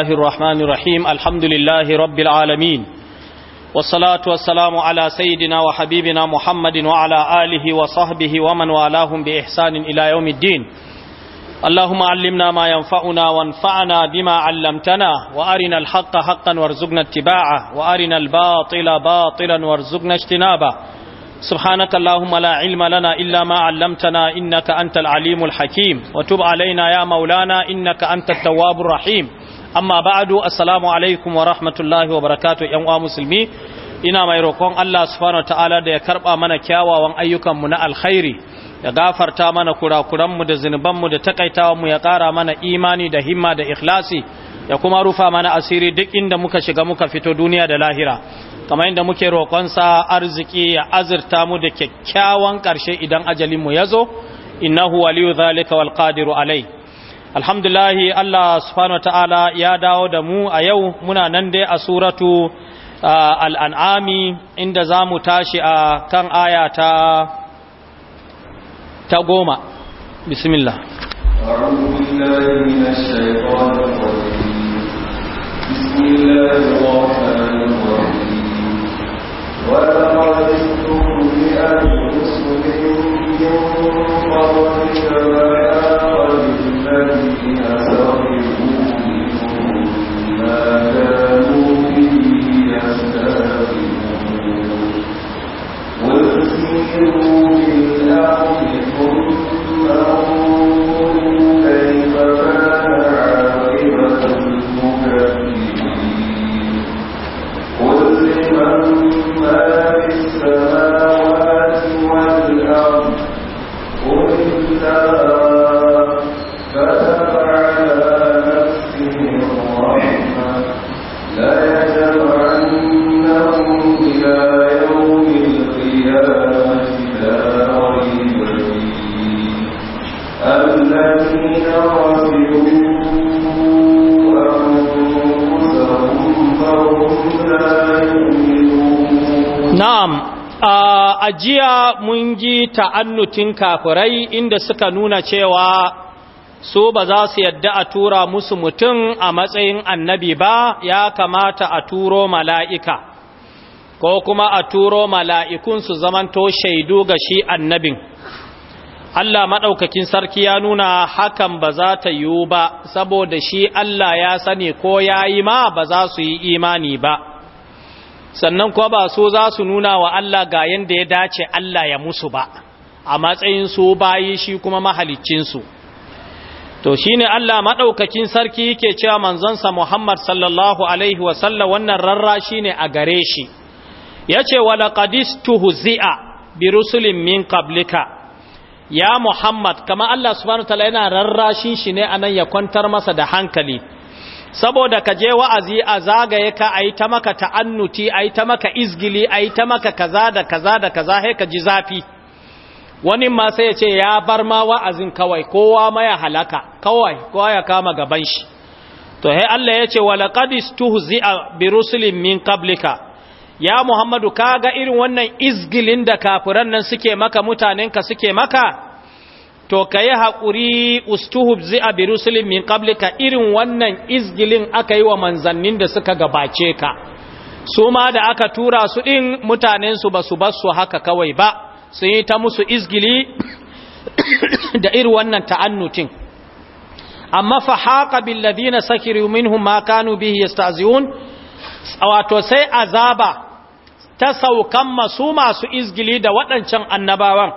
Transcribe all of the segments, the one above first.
الله الرحمن الرحيم الحمد لله رب العالمين والصلاة والسلام على سيدنا وحبيبنا محمد وعلى آله وصحبه ومن والاهم بإحسان إلى يوم الدين اللهم علمنا ما ينفعنا وانفعنا بما علمتنا وأرنا الحق حقا وارزقنا اتباعه وأرنا الباطل باطلا وارزقنا اجتنابه سبحانك اللهم لا علم لنا إلا ما علمتنا إنك أنت العليم الحكيم وتب علينا يا مولانا إنك أنت التواب الرحيم amma ba'adu assalamu alaikum wa rahmatullahi wa barakatuh yan uwa musulmi ina mai roƙon Allah subhanahu ta'ala da ya karba mana kyawawan ayyukanmu na alkhairi ya gafarta mana kurakuranmu da mu da takaitawanmu ya ƙara mana imani da himma da ikhlasi ya kuma rufa mana asiri duk inda muka shiga muka fito duniya da lahira kamar yadda muke sa arziki ya azurta mu da kyakkyawan ƙarshe idan ajalinmu ya zo innahu waliyu zalika wal qadiru alai alhamdulahi Allah subhanahu ta'ala ya dawo da mu a yau muna nan dai a suratu al'an'ami inda za mu tashi a kan aya ta ta goma bismillah ولقد استهزئ برسل من قبلك يؤمنون بالله mun ji ta'annutin kafirai inda suka nuna cewa su ba za su yadda a tura musu mutum a matsayin annabi ba ya kamata a turo mala'ika ko kuma a turo mala'ikun su zamanto shaidu ga shi annabin Allah maɗaukakin sarki ya nuna hakan ba za ta yiwu ba saboda shi Allah ya sani ko ya yi ma ba za su yi imani ba sannan kuma ba so za su nuna wa Allah ga yanda ya dace Allah ya musu ba a matsayin su bayi shi kuma mahaliccinsu to shi ne Allah maɗaukacin sarki yake cewa manzonsa Muhammad sallallahu alaihi wa sallam wannan rarra ne a gare shi yace wa laqadistuhzi'a bi rusulin min qablika ya Muhammad kama Allah subhanahu wa ta'ala yana rarrashin shi ne anan ya kwantar masa da hankali saboda ka je wa'azi a zagaye ka a yi ta maka ta'annuti a yi ta maka izgili a yi ta maka kaza da kaza da kaza sai ka ji zafi wani ma sai ya ce ya bar ma wa'azin kawai kowa ya halaka kawai kowa ya kama gaban shi to he Allah ya ce walaqadis tuhzi'a bi rusulin min qablika ya muhammadu ka ga irin wannan izgilin da kafuran nan suke maka mutanen ka suke maka to ka yi haƙuri ustuhub zi'a bi rusulin min ka irin wannan izgilin aka yi wa manzannin da suka gabace ka su ma da aka tura su ɗin mutanensu ba su basu haka kawai ba sun yi ta musu izgili da irin wannan ta'annutin amma fa haƙa billadina sakiru minhum ma kanu bihi yasta'ziun wato sai azaba ta saukan masu masu izgili da waɗancan annabawan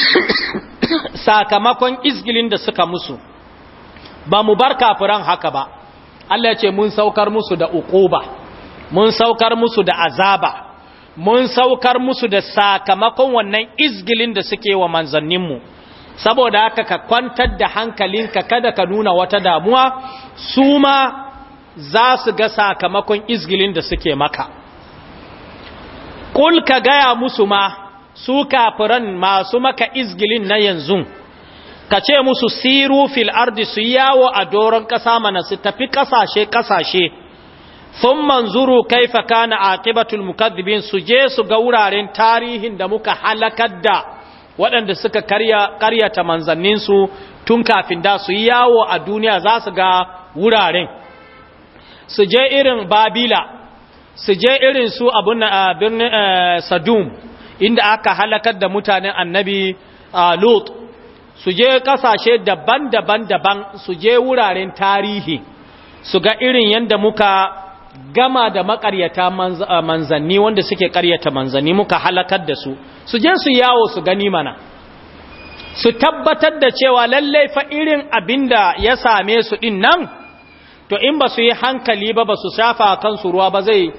sakamakon izgilin da suka musu ba mu bar kafiran haka ba Allah ce mun saukar musu da uquba mun saukar musu da azaba mun saukar musu da sakamakon wannan izgilin da suke wa manzanninmu saboda haka ka kwantar da hankalinka kada ka nuna wata damuwa su ma za su ga sakamakon izgilin da suke maka ƙul ka gaya musu ma su kafiran masu maka izgilin na yanzu ka ce musu siru fil ardi su yawo a doron ƙasa mana su tafi ƙasashe-ƙasashe sun manzuru kaifa kana kibatul mukaddibin su je su ga wuraren tarihin da muka halakar da waɗanda suka karyata manzannin tun kafin da su yawo a duniya za su ga wuraren su je irin babila su je irin su abun birnin eh, sadum inda aka halakar da mutanen annabi a lut su je kasashe daban-daban daban su je wuraren tarihi su ga irin yadda muka gama da makaryata manzanni wanda suke karyata manzanni muka halakar da su su je su yawo su gani mana su tabbatar da cewa lallai fa irin abinda ya same su din nan to in ba su yi hankali ba ba su shafa kansu ruwa ba zai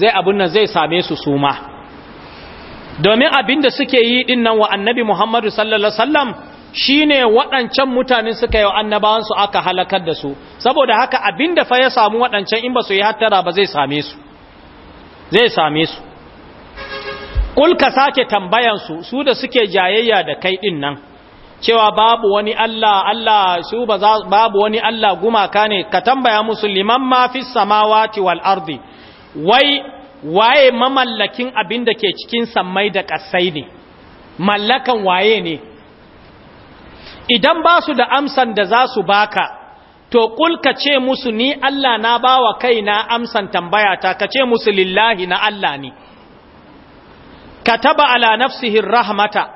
zai abin nan zai same su suma domin abinda suke yi din nan wa annabi Muhammadu sallallahu alaihi wasallam shine waɗancan mutane suka yi annabawan su aka halakar da su saboda haka abinda fa ya samu waɗancan in ba su yi hattara ba zai same su zai same su ka sake tambayan su su da suke jayayya da kai din nan cewa babu wani Allah Allah su babu wani Allah gumaka ne ka tambaya musulman ma fi samawati wal ardi wai waye mamallakin abin da ke cikin sammai da ƙasai ne mallakan waye ne idan ba su da amsan da za su baka to kulka ce musu ni Allah na bawa kai na amsan tambayata ka ce musu lillahi na Allah ne ka taba ala nafsihi rahmata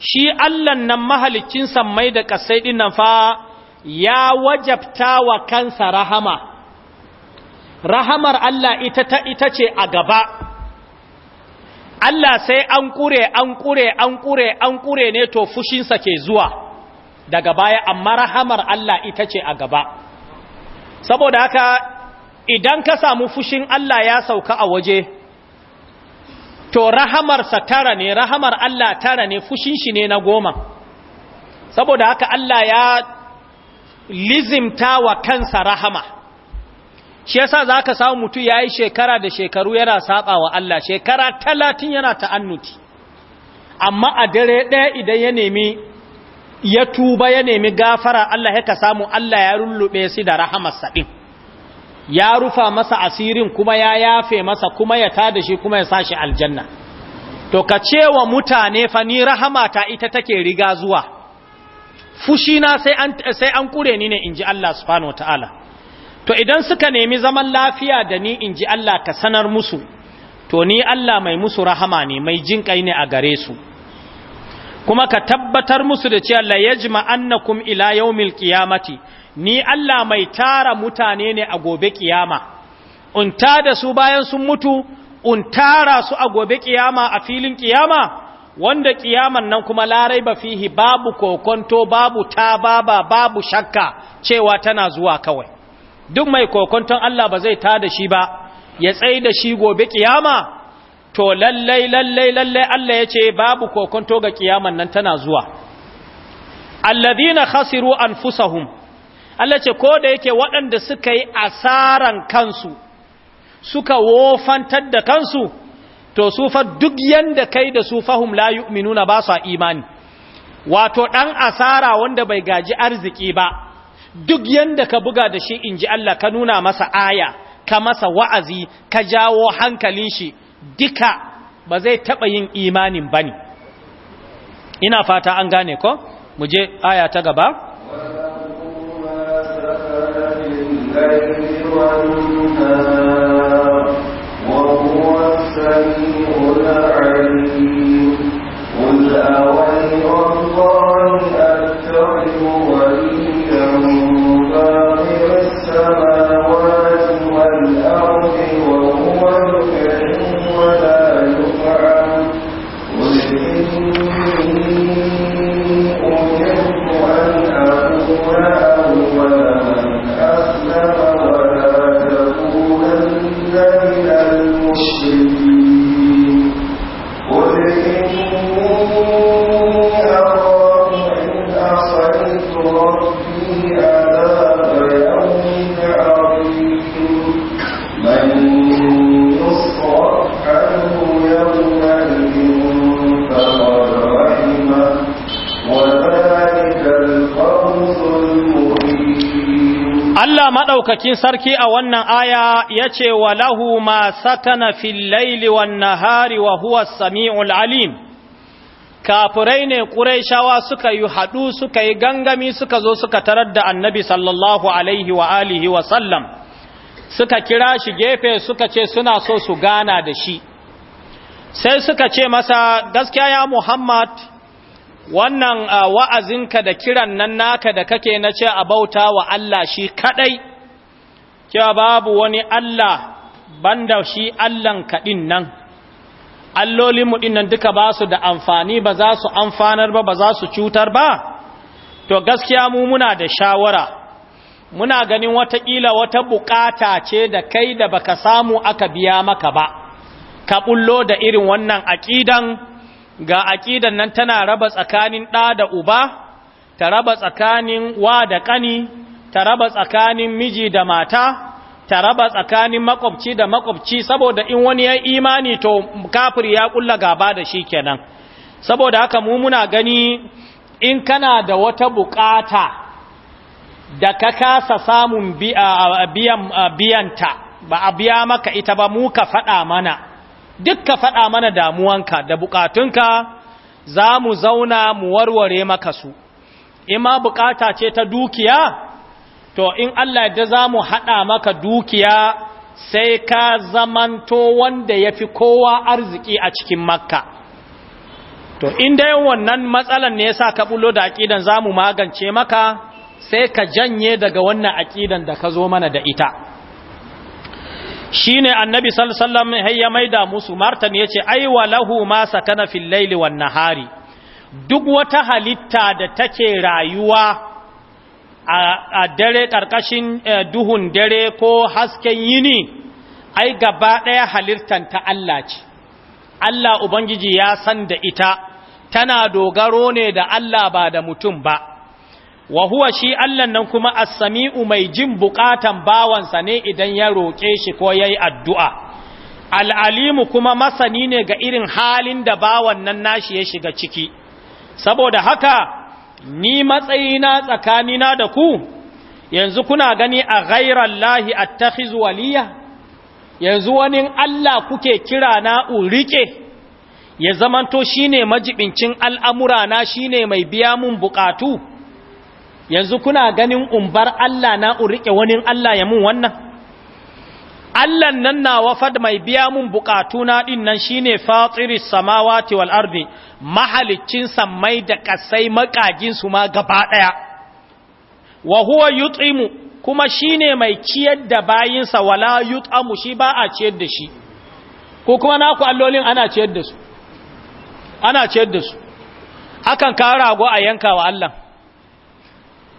shi Allah nan mahalicin sammai da ƙasai ɗin nan fa ya wajabta wa kansa rahama rahamar Allah ita ta ita ce a gaba Allah sai an kure an kure an kure an kure ne to fushinsa ke zuwa daga baya amma rahamar Allah ita ce a gaba saboda haka idan ka samu fushin Allah ya sauka a waje to rahamarsa tara ne rahamar Allah tara ne fushin shi ne na goma saboda haka Allah ya lizimta wa kansa rahama shi yasa za ka samu mutum ya yi shekara da shekaru yana saba wa Allah shekara talatin yana ta'annuti amma a dare ɗaya idan ya nemi ya tuba ya nemi gafara Allah ya ka samu Allah ya rullube su da rahamarsa ɗin ya rufa masa asirin kuma ya yafe masa kuma ya tada shi kuma ya sa shi aljanna to ka ce wa mutane fani ni ta ita take riga zuwa fushina sai an kure ni ne in ji Allah subhanahu wa ta'ala to idan suka nemi zaman lafiya da ni in ji Allah ka sanar musu to ni Allah mai musu rahama ne mai jin kai ne a gare su kuma ka tabbatar musu da cewa la yajma annakum ila yawmil qiyamati ni Allah mai tara mutane ne a gobe kiyama in da su bayan sun mutu in tara su a gobe kiyama a filin kiyama wanda kiyaman nan kuma larai ba fihi babu kokonto babu ta baba babu shakka cewa tana zuwa kawai duk mai kokonton Allah ba zai ta da shi ba ya tsaye da shi gobe kiyama to lallai lallai lallai Allah ya ce babu kokonto ga kiyaman nan tana zuwa alladhina khasiru anfusahum Allah ce ko da yake waɗanda suka yi asaran kansu suka wofantar da kansu to su fa duk yanda kai da su fahum la yu'minuna ba su imani wato dan asara wanda bai gaji arziki ba duk yanda ka buga da shi in ji Allah ka nuna masa aya ka masa wa'azi ka jawo hankalin shi duka ba zai taɓa yin imanin ba ne ina fata an gane ko mu je aya ta gaba قل أغير الله maɗaukakin sarki a wannan aya ya ce wa lahu ma sakana fil laili wan nahari wa huwa sami'ul alim kafirai ne ƙuraishawa suka yi haɗu suka yi gangami suka zo suka tarar da annabi sallallahu alaihi wa alihi wa sallam suka kira shi gefe suka ce suna so su gana da shi sai suka ce masa gaskiya ya muhammad wannan ah, wa'azinka da kiran nan naka da kake na ce a bauta wa Allah shi kadai cewa babu wani Allah banda shi Allahn kaɗin nan, allolinmu ɗinnan duka ba su da amfani ba za su amfanar ba ba za su cutar ba, to gaskiya mu muna da shawara, muna ganin wataƙila wata buƙata ce da kai da baka samu aka biya maka ba, ka bullo da irin wannan aƙidan ga aƙidan nan tana raba tsakanin ɗa da uba, ta raba tsakanin wa da ƙani. ta raba tsakanin miji da mata ta raba tsakanin makwabci da makwabci saboda in wani ya imani to kafir ya kulla gaba da shi kenan saboda haka mu muna gani in kana da wata bukata da ka kasa samun biyanta ba a biya maka ita ba mu ka faɗa mana duk ka faɗa mana damuwanka da bukatunka za mu zauna mu warware maka su in ma bukata ce ta dukiya to in Allah da za mu haɗa maka dukiya sai ka zamanto wanda ya fi kowa arziki a cikin makka to in dai wannan matsalan ne ya ka bulo da aƙidan za mu magance maka sai ka janye daga wannan aƙidan da ka zo mana da ita shine annabi sallallahu alaihi ya maida musu martan yace ai lahu ma sakana fil laili wan nahari duk wata halitta da take rayuwa a dare ƙarƙashin eh, duhun dare ko hasken yini ai gaba ɗaya halittar ta Allah ce Allah Ubangiji ya san da ita tana dogaro ne da Allah ba da mutum ba wa huwa shi Allah nan kuma as-sami'u mai jin buƙatan bawansa ne idan ya roƙe shi ko yayi addu'a al-alimu kuma masani ne ga irin halin da bawan nan nashi ya shiga ciki saboda haka ni matsayina tsakanina da ku yanzu kuna gani a ghairar lahi a waliya yanzu wani Allah kuke kira na urike ya zamanto shine majibincin al'amura na shine mai biya mun bukatu yanzu kuna ganin umbar Allah na urike wani Allah ya mun wannan Allah nan wa fad mai biya mun na din nan shine fatiris samawati wal ardi mahaliccin samai da kasai makagin su ma gaba daya wa huwa yut'imu kuma shine mai ciyar da bayinsa wala yut'amu shi ba a ciyar da shi ko kuma na ku allolin ana ciyar da su ana ciyar da su akan ka rago a yanka wa Allah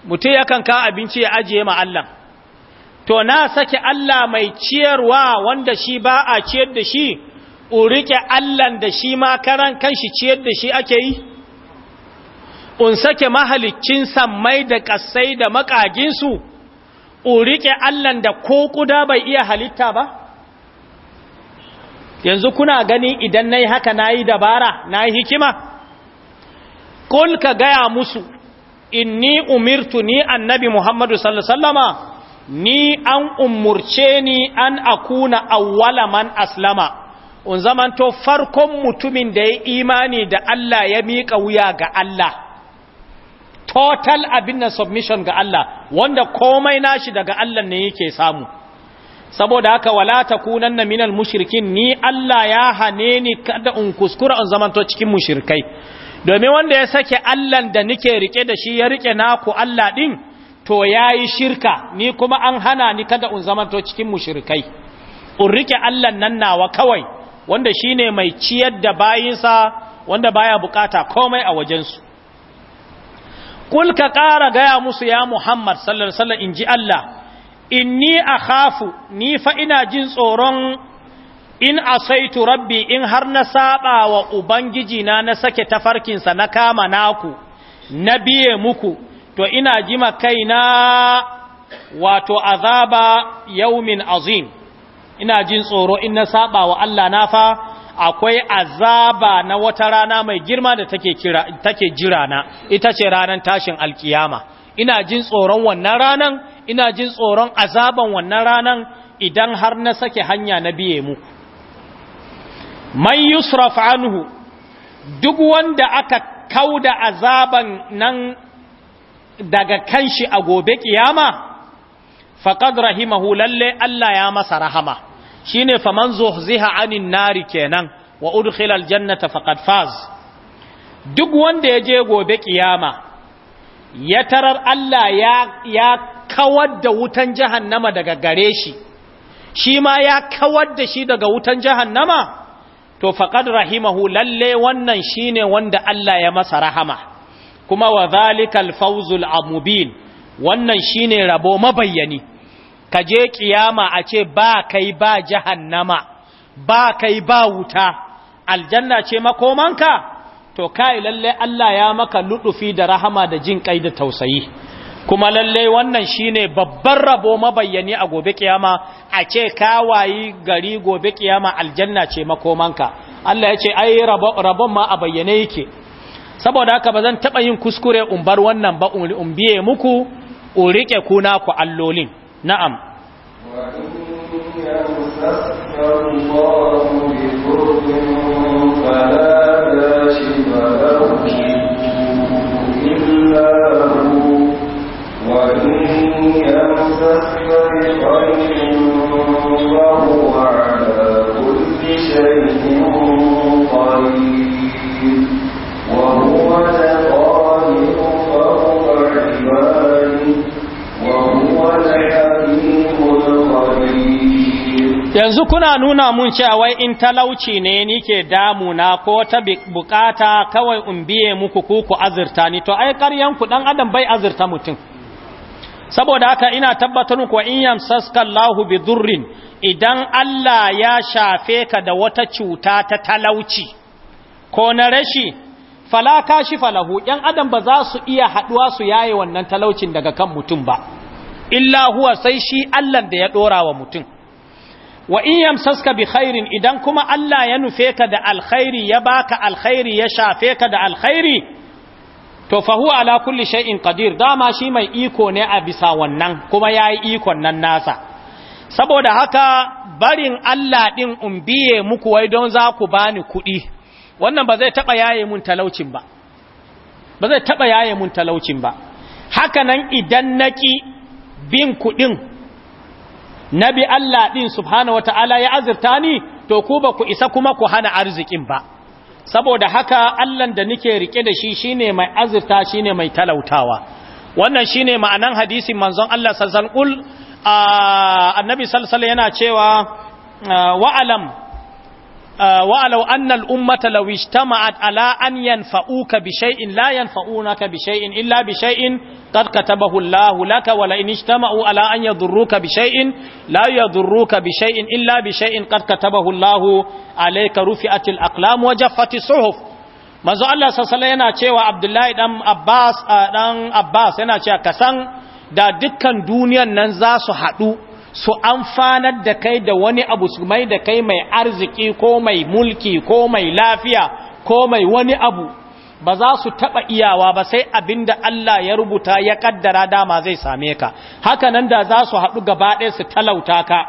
mutum yakan ka abinci ya ajiye ma Allah to na sake Allah mai ciyarwa wanda shi ba a ciyar da shi urike Allahn da shi ma karan kanshi ciyar da shi ake yi un sake mahalicin sammai da kasai da su urike Allahn da ko kuda bai iya halitta ba yanzu kuna gani idan nayi haka nayi dabara na hikima ƙul ka gaya musu inni umirtu ni annabi muhammadu sallallahu ni an umurce ni an akuna awwala man aslama un zamanto farkon mutumin da ya imani da Allah ya miƙa wuya ga Allah total abinna submission ga Allah wanda komai nashi daga Allah ne yake samu saboda haka wala takunanna minal mushrikin ni Allah ya hane ni kada un kuskura un zamanto cikin mushrikai domin wanda ya sake Allah da nike rike da shi ya rike naku Allah din to ya yi shirka ni kuma an hana ni kada in zamanto cikin mushrikai in rike Allah nan nawa kawai wanda shi ne mai ciyar da bayinsa wanda baya bukata komai a wajensu kul ka ƙara gaya musu ya Muhammad sallar sallar in ji Allah In ni a hafu ni fa ina jin tsoron in a saitu rabbi in har na saba wa ubangiji na na sake tafarkinsa na kama naku na biye muku to ina jima kaina wato azaba yaumin azim ina jin tsoro in na saba wa Allah na fa akwai azaba na wata rana mai girma da take kira take jira na ita ce ranan tashin alkiyama ina jin tsoron wannan ranan ina jin tsoron azaban wannan ranan idan har na sake hanya na biye mu man yusraf anhu duk wanda aka kauda azaban nan daga kan shi a gobe ƙiyama, faƙad rahimahu lalle Allah ya masa rahama shine faman ziha anin nari kenan wa udkhila aljannata faqad faz duk wanda yaje gobe ƙiyama, ya tarar Allah ya ya kawar da wutan jahannama daga gare shi shi ma ya kawar da shi daga wutan jahannama to faqad rahimahu lalle wannan shine wanda Allah ya masa rahama kuma wa zalikal fawzul amubin wannan shine rabo mabayyani ka je kiyama a ce ba kai ba jahannama ba kai ba wuta aljanna ce makomanka to kai lalle Allah ya maka ludufi da rahama da jin kai da tausayi kuma lalle wannan shine babban rabo mabayyani a gobe kiyama a ce kawayi gari gobe kiyama aljanna ce makomanka Allah ya ce ai rabon ma a bayyane yake saboda haka ba zan taɓa yin kuskure in bar wannan ba in biye muku in riƙe kuna ku allolin na'am nuna mun cewa wai in talauci ne nike damuna ko ta bukata kawai in biye muku ku azurta ni to ai ku dan adam bai azurta mutum saboda haka ina tabbatar muku in yamsaska Allahu bi durrin idan Allah ya shafe ka da wata cuta ta talauci ko na rashi fala kashifa lahu yan adam ba za su iya haduwa su yaye wannan talaucin daga kan mutum ba illa huwa sai shi Allah da ya dora wa mutum wa in yamsaska bi khairin idan kuma Allah ya nufe ka da alkhairi ya baka alkhairi ya shafe ka da alkhairi to fa huwa ala kulli shay'in qadir dama shi mai iko ne a bisa wannan kuma yayi ikon nan nasa saboda haka barin Allah din umbiye muku wai don za ku bani kuɗi wannan ba zai taba yaye mun talaucin ba ba zai taba yaye mun talaucin ba haka nan idan naki bin kuɗin nabi Allah ɗin subhanahu ta'ala ya azurta ni to ku ba ku isa kuma ku hana arzikin ba saboda haka Allahn da nike rike da shi shine mai azurta shine mai talautawa wannan shine ma'anan hadisin manzon Allah Sassan alaihi annabi sallallahu yana cewa wa'alam wa'alau annal ummata law ijtama'at ala an yanfa'uka bi shay'in la yanfa'unaka bi shay'in illa bi shay'in qad katabahu Allahu laka wa la in ijtama'u ala an ya yadurruka bi shay'in la yadurruka bi shay'in illa bi shay'in qad katabahu Allahu alayka rufi'atil aqlam wa jaffatis suhuf Mazu Allah sallallahu yana cewa Abdullahi dan Abbas dan Abbas yana cewa kasan da dukkan duniyan nan za su haɗu su amfanar da kai da wani abu su mai da kai mai arziki ko mai mulki ko mai lafiya ko mai wani abu ba za su taɓa iyawa ba sai abin da Allah ya rubuta ya ƙaddara dama zai same ka haka nan da za su haɗu gaba ɗaya su talauta ka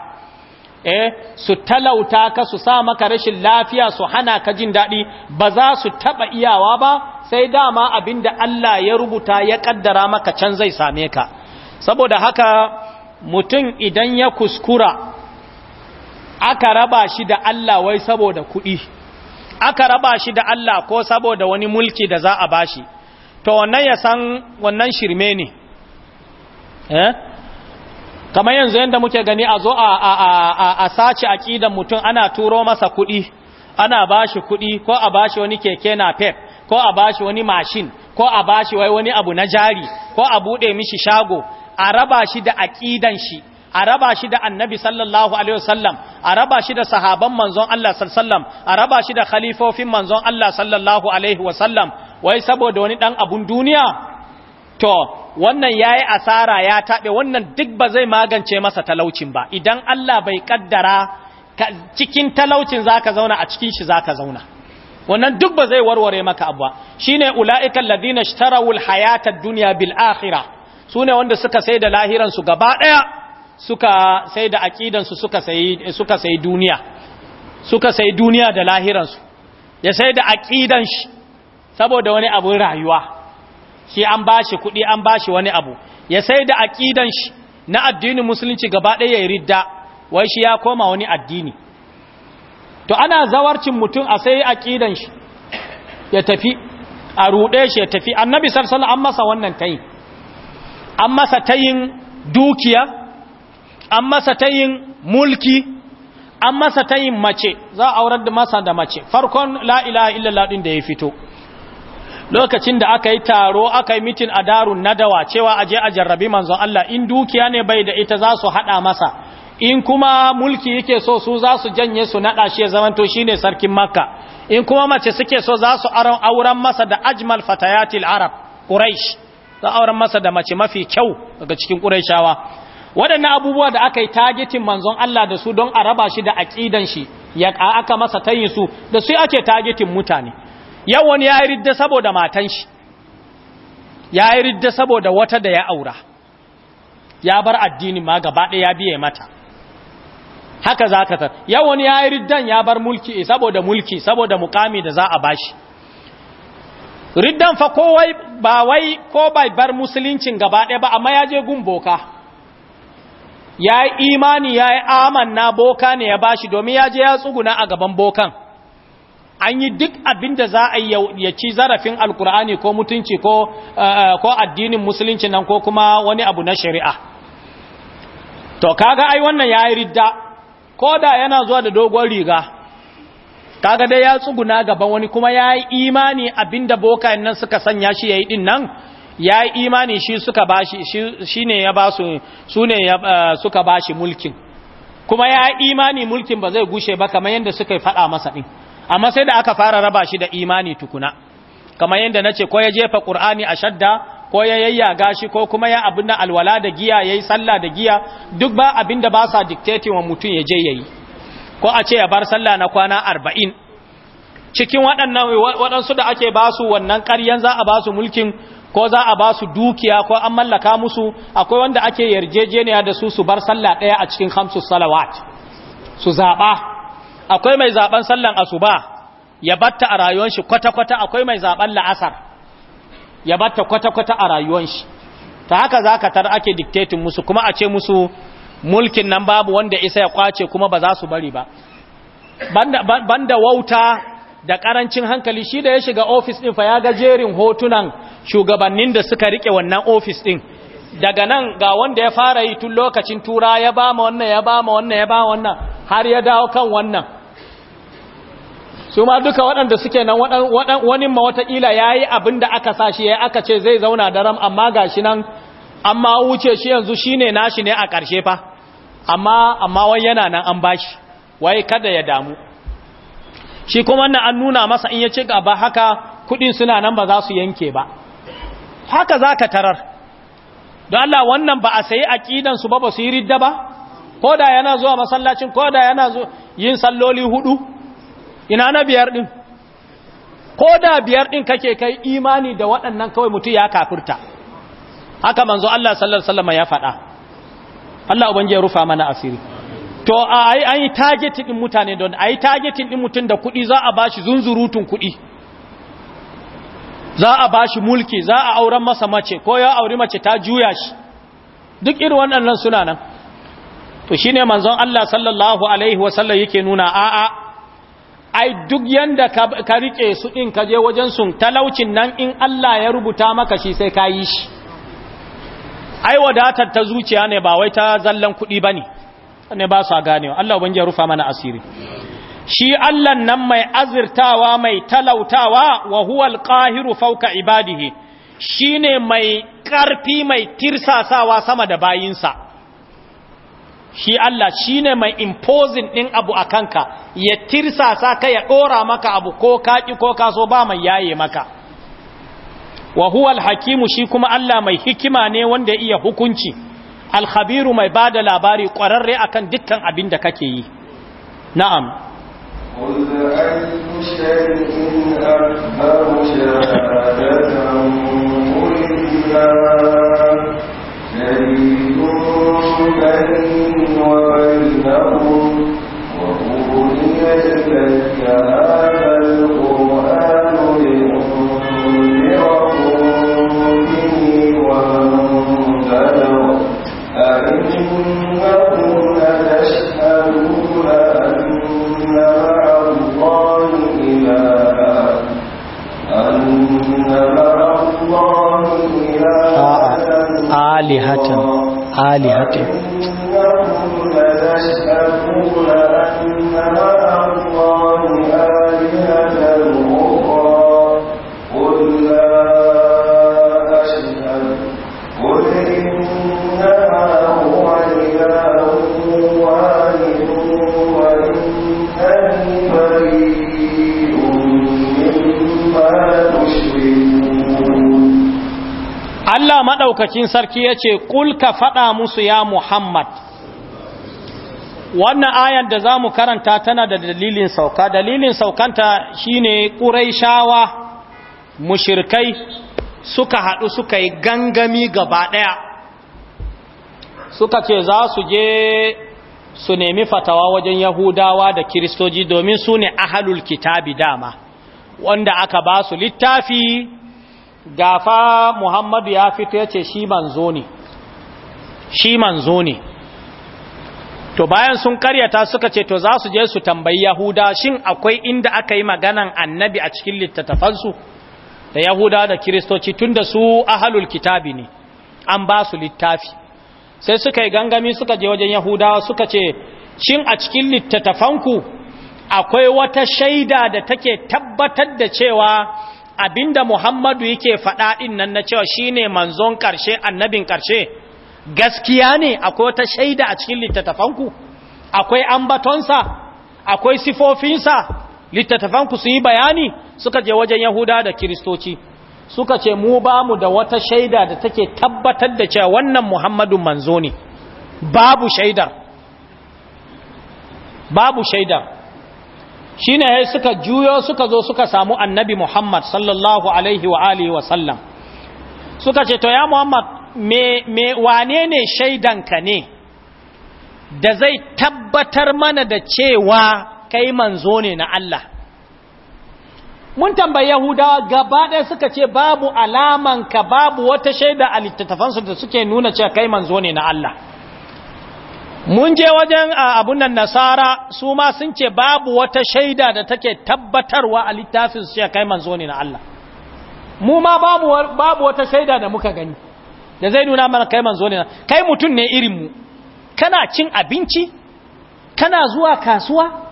eh su talauta ka su sa maka rashin lafiya su hana ka jin daɗi ba za su taɓa iyawa ba sai dama abinda Allah ya rubuta ya ƙaddara maka can zai same ka saboda haka mutum idan ya kuskura aka raba shi da Allah wai saboda kuɗi aka raba shi da Allah ko saboda wani mulki da za a bashi to wannan ya san wannan shirme ne eh kamar yanzu yanda muke gani a zo a sace aƙidan mutum ana turo masa kuɗi ana bashi kuɗi ko a bashi wani keke na pep ko a bashi wani mashin ko a bashi wai wani abu na jari ko a buɗe mishi shago a raba shi da aƙidan shi a raba shi da annabi sallallahu alaihi wasallam a raba shi da sahaban manzon Allah sallallahu a raba shi da khalifofin manzon Allah sallallahu alaihi wasallam wai saboda wani dan abun duniya to wannan yayi asara ya tabe wannan duk ba zai magance masa talaucin ba idan Allah bai kaddara cikin talaucin zaka zauna a cikin shi zaka zauna wannan duk ba zai warware maka abuwa shine ula'ikal ladina ishtarawul hayatad dunya bil akhirah su ne wanda suka sai da lahiransu gaba ɗaya suka sai da aƙidansu suka sai duniya suka sai duniya da lahiransu ya sai da aƙidan shi saboda wani abun rayuwa shi an ba shi kuɗi an ba shi wani abu ya sai da aƙidan shi na addinin musulunci gaba ɗaya ya ridda wai shi ya koma wani addini to ana zawarcin mutum a sai aƙidan shi ya tafi a ruɗe shi ya tafi annabi sallallahu an masa wannan tayin an masa tayin dukiya an masa tayin mulki an masa tayin mace za a aurar da masa da mace farkon la ilaha illallah din da ya fito lokacin da aka yi taro aka yi mitin a darun nadawa cewa aje a jarrabi manzon Allah in dukiya ne bai da ita za su hada masa in kuma mulki yake so su za su janye su naɗa shi ya zamanto ne sarkin makka in kuma mace suke so za su auren masa da ajmal fatayatil arab quraish za auren masa da mace mafi kyau daga cikin ƙuraishawa waɗannan abubuwa da aka yi tagetin manzon Allah da su don a raba shi da aƙidan shi ya aka masa tayin su da su ake tagetin mutane yau wani ya yi ridda saboda matan shi ya yi ridda saboda wata da ya aura ya bar addini ma gaba ɗaya ya biye mata haka za ka ta yau wani ya yi riddan ya bar mulki saboda mulki saboda mukami da za a bashi riddan fa kowai ba wai ko bai bar musuluncin gaba ɗaya ba amma ya je gun boka ya yi imani ya yi amanna boka ne ya bashi domin ya je ya tsuguna a gaban bokan an yi duk abin da za a ya ci zarafin alkur'ani ko mutunci eh, ko addinin musulunci nan ko kuma wani abu na shari'a to kaga ai wannan ya yi ridda ko da yana zuwa da dogon riga kaga dai ya tsuguna gaban wani kuma ya yi imani abinda bokayen nan suka sanya shi ya yi din nan ya yi imani shi suka bashi shi ne ya ba su ne eh, suka bashi mulkin kuma ya yi imani mulkin ba zai gushe ba kamar yadda suka faɗa masa ɗin amma sai da aka fara raba shi da imani tukuna kamar yadda na ce ko ya jefa ƙur'ani a shadda ko ya yayya gashi ko kuma ya abin da alwala da giya ya yi sallah da giya duk ba abinda da ba sa dictating wa mutum ya je ya yi ko a ce ya bar sallah na kwana arba'in cikin waɗannan waɗansu da ake ba su wannan ƙaryan za a ba su mulkin ko za a ba su dukiya ko an mallaka musu akwai wanda ake yarjejeniya da su su bar sallah ɗaya a cikin hamsu salawat su zaɓa akwai mai zaɓen sallan asuba ya batta a rayuwar shi kwata-kwata akwai mai zaɓen la'asar ya batta kwata-kwata a rayuwar shi ta haka za ka tar ake diktetin musu kuma a ce musu mulkin nan babu wanda isa ya kwace kuma ba za su bari ba banda, wauta da karancin hankali shi da ya shiga ofis din fa ya ga jerin hotunan shugabannin da suka rike wannan ofis din daga nan ga wanda ya fara yi tun lokacin tura ya ba ma wannan ya ba ma wannan ya ba wannan har ya dawo kan wannan Suma duka waɗanda suke nan wani ma watakila ya yi abin da aka sashi ya aka ce zai zauna daram amma ga shi nan amma wuce shi yanzu shi ne nashi ne a ƙarshe fa amma amma wai yana nan an bashi wai kada ya damu shi kuma wannan an nuna masa in ya ci gaba haka kudin suna nan ba za su yanke ba haka zaka tarar don Allah wannan ba a sayi su ba ba su yi ridda ba ko yana zuwa masallacin ko da yana yin salloli hudu ina na biyar ɗin ko da biyar ɗin kake kai imani da waɗannan kawai mutu ya kafirta haka manzo Allah sallallahu Alaihi ya faɗa Allah ubangiji ya rufa mana asiri to ai ai targeting din mutane don ai targeting din mutun da kudi za a bashi zunzurutun kudi za a bashi mulki za a auren masa mace ko ya auri mace ta juya shi duk irin waɗannan suna nan to shine manzon Allah sallallahu alaihi wasallam yake nuna a'a ai duk yanda ka, ka rike su din ka je wajen sun talaucin nan in Allah ya rubuta maka shi sai ka yi shi ai wadatar ta zuciya ne ba wai ta zallan kuɗi ba ne ne ba su ganewa Allah ban rufa mana asiri shi Allah nan mai azirtawa mai talautawa wa huwal qahiru fawqa ibadihi shine mai karfi mai tirsasawa sama da bayinsa shi Allah shine mai imposing ɗin abu akanka ya tirsasa ka ya ɗora maka abu ko kaƙi ko kaso ba mai yaye maka wa huwa alhakimu shi kuma Allah mai hikima ne wanda iya hukunci alkhabiru mai bada labari kwararre akan dukkan abin da kake yi na'am وبينهم وأولي الأجل alihatan alihatan Thank you. Allah maɗaukacin sarki ya ce, Ƙulka faɗa musu ya Muhammad. Wannan ayan da za mu karanta tana da dalilin sauka, dalilin saukanta shi ne ƙuraishawa, mushirkai suka haɗu suka yi gangami gaba ɗaya. Suka ce za su je su nemi fatawa wajen Yahudawa da Kiristoji domin su ne ahalul kitabi dama, wanda aka ba su littafi gafa muhammadu ya fito ya ce shi manzo ne shi manzo ne to bayan sun karyata suka ce to za su je su tambayi yahuda shin akwai inda aka yi maganan annabi a cikin littattafansu da yahuda da kiristoci tun da su ahalul kitabi ne an ba su littafi sai suka yi gangami suka je wajen yahudawa suka ce shin a cikin littattafanku akwai wata shaida da take tabbatar da cewa abinda Muhammadu yake faɗa ɗin nan na cewa shine manzon ƙarshe annabin ƙarshe gaskiya ne akwai wata shaida a cikin littattafanku akwai ambatonsa akwai sifofinsa littattafanku su yi bayani suka je wajen Yahuda da Kiristoci suka ce mu ba mu da wata shaida da take tabbatar da cewa wannan Muhammadu manzo ne babu shaidar babu shaidar shine yayi suka juyo suka zo suka samu annabi Muhammad sallallahu alaihi wa wa sallam suka ce to ya Muhammad me me wane ne shaidanka ne da zai tabbatar mana da cewa kai manzo ne na Allah mun tambayi yahudawa gaba ɗaya suka ce babu alamanka babu wata shaida a littattafansu da suke nuna cewa kai manzo ne na Allah mun je wajen abun nan nasara su ma sun ce babu wata shaida da take tabbatarwa a littafin su kai manzo ne na Allah mu ma babu babu wata shaida da muka gani da zai nuna mana kai manzo ne na kai mutun ne irin mu kana cin abinci kana zuwa kasuwa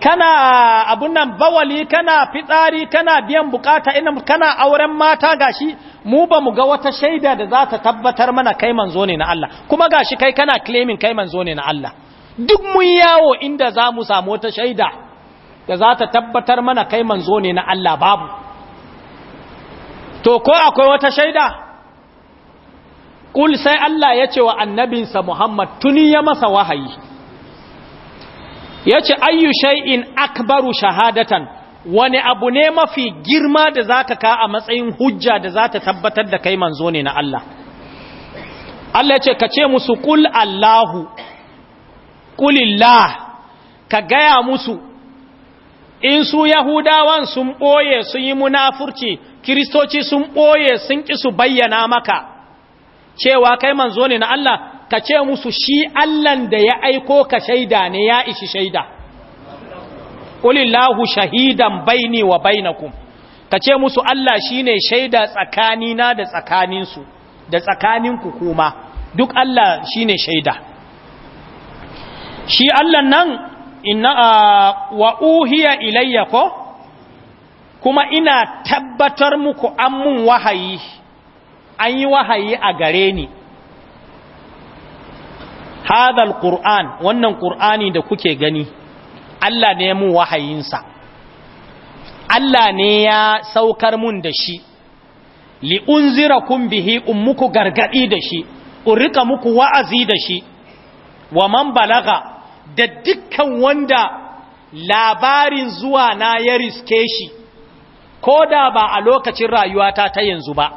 kana ah, abun nan bawali kana fitsari kana biyan bukata ina kana auren mata gashi mu ba mu ga wata shaida da za ta tabbatar mana kai manzo ne na Allah kuma gashi kai kana claiming kai manzo ne na Allah duk mun yawo inda za mu samu wata shaida da za ta tabbatar mana kai manzo ne na Allah babu to ko akwai wata shaida kul sai Allah ya ce wa annabinsa Muhammad tuni ya masa wahayi ya ce ayyu shay'in akbaru shahadatan wani abu ne mafi girma da za ka ka a matsayin hujja da za ta tabbatar da kai manzo ne na Allah Allah ya ce ka ce musu kul Allahu kulillah ka gaya musu in su yahudawan sun ɓoye sun yi munafurci kiristoci sun ɓoye sun ƙi su bayyana maka cewa kai manzo ne na Allah ka ce musu shi Allahn da ya aiko ka shaida ne ya ishi shaida ƙulillahu shahidan baini wa bainakum ka ce musu Allah shi ne shaida tsakanina da tsakaninsu da tsakaninku kuma duk Allah shi ne shaida shi allan nan a wa uhiya ilayya ko kuma ina tabbatar muku an mun wahayi an yi wahayi a gare ni hadal ƙur'an wannan qur'ani da kuke gani Allah ne mun wahayinsa Allah ne ya saukar mun da shi li unzirakum bihi ummuku gargadi da shi urika muku wa'azi da shi wa man balaga da dukkan wanda labarin zuwa na ya riske shi ko da ba a lokacin rayuwata ta yanzu ba